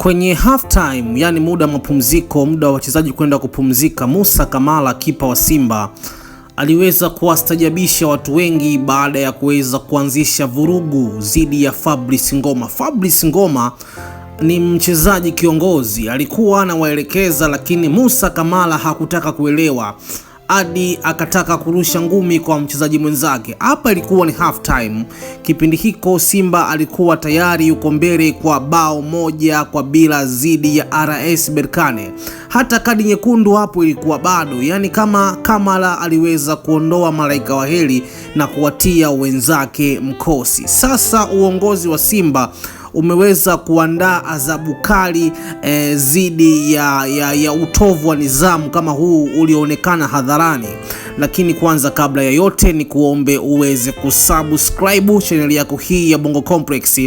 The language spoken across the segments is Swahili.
Kwenye half time, yani muda wa mapumziko, muda wa wachezaji kwenda kupumzika, Musa Kamala kipa wa Simba aliweza kuwastajabisha watu wengi baada ya kuweza kuanzisha vurugu dhidi ya Fabrice Ngoma. Fabrice Ngoma ni mchezaji kiongozi, alikuwa anawaelekeza, lakini Musa Kamala hakutaka kuelewa hadi akataka kurusha ngumi kwa mchezaji mwenzake. Hapa ilikuwa ni half time. Kipindi hiko Simba alikuwa tayari yuko mbele kwa bao moja kwa bila dhidi ya RS Berkane. Hata kadi nyekundu hapo ilikuwa bado, yaani kama Kamala aliweza kuondoa malaika wa heri na kuwatia wenzake mkosi. Sasa uongozi wa Simba umeweza kuandaa adhabu kali e, ya, ya, ya utovu wa nidhamu kama huu ulioonekana hadharani lakini kwanza, kabla ya yote, ni kuombe uweze kusubscribe chaneli yako hii ya Bongo Complex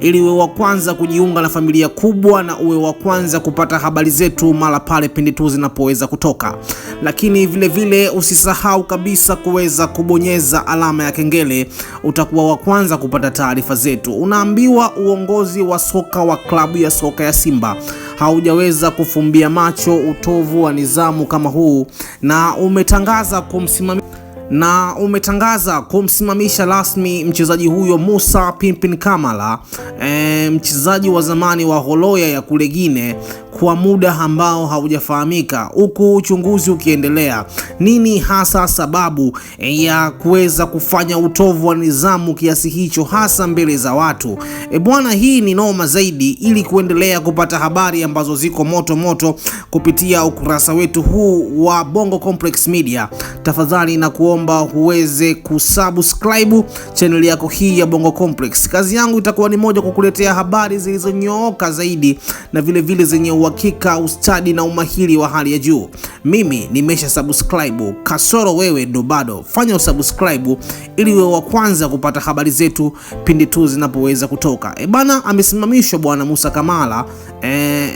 ili uwe wa kwanza kujiunga na familia kubwa na uwe wa kwanza kupata habari zetu mara pale pindi tu zinapoweza kutoka, lakini vile vile usisahau kabisa kuweza kubonyeza alama ya kengele, utakuwa wa kwanza kupata taarifa zetu. Unaambiwa uongozi wa soka wa klabu ya soka ya Simba haujaweza kufumbia macho utovu wa nidhamu kama huu na umetangaza kumsimamia na umetangaza kumsimamisha rasmi mchezaji huyo Musa Pimpin kamala e, mchezaji wa zamani wa Horoya ya kule Guinea kwa muda ambao haujafahamika, huku uchunguzi ukiendelea. Nini hasa sababu ya kuweza kufanya utovu wa nidhamu kiasi hicho, hasa mbele za watu? E bwana, hii ni noma zaidi. Ili kuendelea kupata habari ambazo ziko moto moto kupitia ukurasa wetu huu wa Bongo Complex Media, tafadhali na kuomba uweze kusubscribe channel yako hii ya Bongo Complex. Kazi yangu itakuwa ni moja, kukuletea habari zilizonyooka zaidi na vile vile zenye uhakika, ustadi na umahiri wa hali ya juu. Mimi nimesha subscribe, kasoro wewe ndo bado. Fanya usubscribe ili wewe wa kwanza kupata habari zetu pindi tu zinapoweza kutoka. E bana, amesimamishwa bwana Musa Kamala e,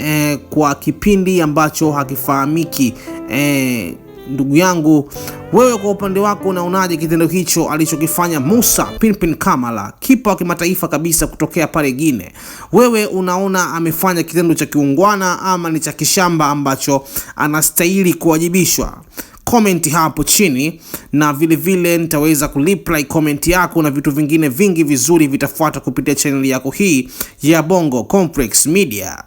e, kwa kipindi ambacho hakifahamiki e, ndugu yangu wewe kwa upande wako unaonaje kitendo hicho alichokifanya Musa Pinpin kamala kipa wa kimataifa kabisa kutokea pale Gine? Wewe unaona amefanya kitendo cha kiungwana ama ni cha kishamba ambacho anastahili kuwajibishwa? Comment hapo chini na vile vile nitaweza kureply comment yako, na vitu vingine vingi vizuri vitafuata kupitia chaneli yako hii ya Bongo Complex Media.